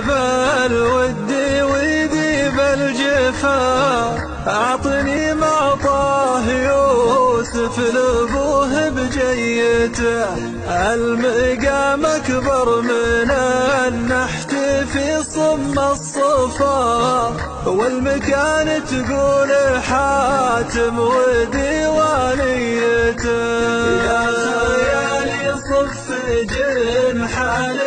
بالود وذيب الجفا أعطني ما طاه يوسف لأبوه بجيته المقام أكبر من النحت في صم الصفا والمكان تقول حاتم وديوانيته يا ليالي صف جنحالي